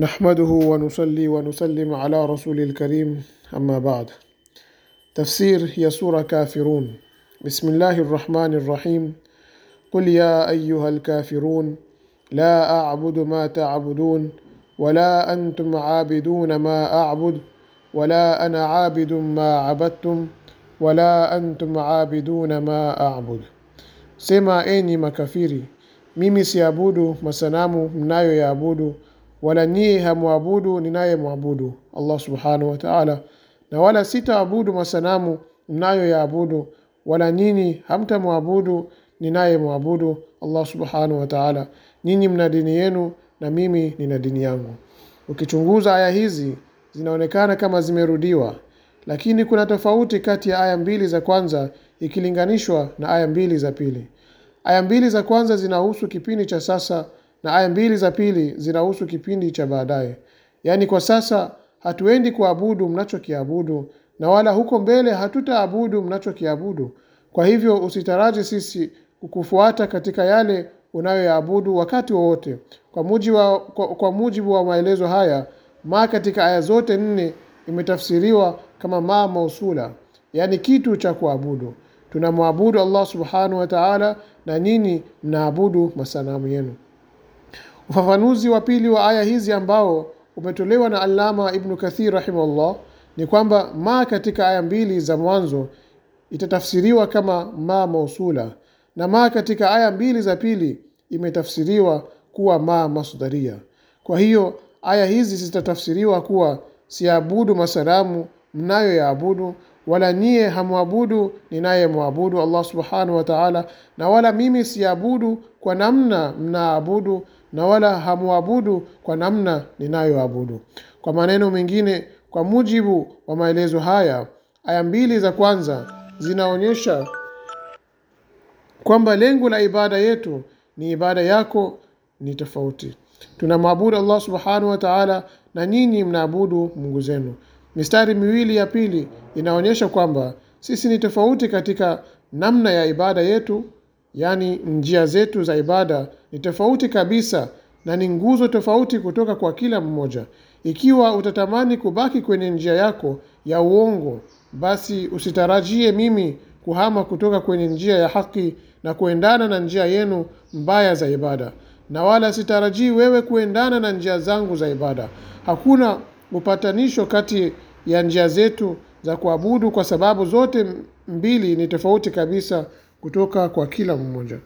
نحمده ونصلي ونسلم على رسول الكريم أما بعد تفسير هي سورة كافرون بسم الله الرحمن الرحيم قل يا أيها الكافرون لا أعبد ما تعبدون ولا أنتم عابدون ما أعبد ولا أنا عابد ما عبدتم ولا أنتم عابدون ما أعبد سما إني makafiri, ميمي سيابودو مسنامو منايو يابودو wala nyie hamwabudu ninayemwabudu Allah subhanahu wa ta'ala, na wala sitaabudu masanamu mnayoyaabudu, wala nyinyi hamtamwabudu ninayemwabudu Allah subhanahu wa ta'ala. Nyinyi mna dini yenu na mimi nina dini yangu. Ukichunguza aya hizi zinaonekana kama zimerudiwa, lakini kuna tofauti kati ya aya mbili za kwanza ikilinganishwa na aya mbili za pili. Aya mbili za kwanza zinahusu kipindi cha sasa na aya mbili za pili zinahusu kipindi cha baadaye yaani kwa sasa hatuendi kuabudu mnachokiabudu na wala huko mbele hatutaabudu mnachokiabudu kwa hivyo usitaraji sisi kukufuata katika yale unayoyaabudu wakati wowote kwa mujibu wa, kwa, kwa mujibu wa maelezo haya ma katika aya zote nne imetafsiriwa kama ma mausula yaani kitu cha kuabudu tunamwabudu allah subhanahu wa taala na nyinyi mnaabudu masanamu yenu Ufafanuzi wa pili wa aya hizi ambao umetolewa na Allama Ibnu Kathir rahimahullah ni kwamba ma katika aya mbili za mwanzo itatafsiriwa kama ma mausula na ma katika aya mbili za pili imetafsiriwa kuwa ma masdaria. Kwa hiyo aya hizi zitatafsiriwa kuwa siabudu masanamu mnayo yaabudu wala nyie hamwabudu ninayemwabudu Allah subhanahu wa ta'ala, na wala mimi siabudu kwa namna mnaabudu, na wala hamwabudu kwa namna ninayoabudu. Kwa maneno mengine, kwa mujibu wa maelezo haya, aya mbili za kwanza zinaonyesha kwamba lengo la ibada yetu ni ibada yako ni tofauti. Tunamwabudu Allah subhanahu wa ta'ala, na nyinyi mnaabudu Mungu zenu. Mistari miwili ya pili inaonyesha kwamba sisi ni tofauti katika namna ya ibada yetu, yaani njia zetu za ibada ni tofauti kabisa na ni nguzo tofauti kutoka kwa kila mmoja. Ikiwa utatamani kubaki kwenye njia yako ya uongo, basi usitarajie mimi kuhama kutoka kwenye njia ya haki na kuendana na njia yenu mbaya za ibada, na wala sitarajii wewe kuendana na njia zangu za ibada. Hakuna upatanisho kati ya njia zetu za kuabudu kwa sababu zote mbili ni tofauti kabisa kutoka kwa kila mmoja.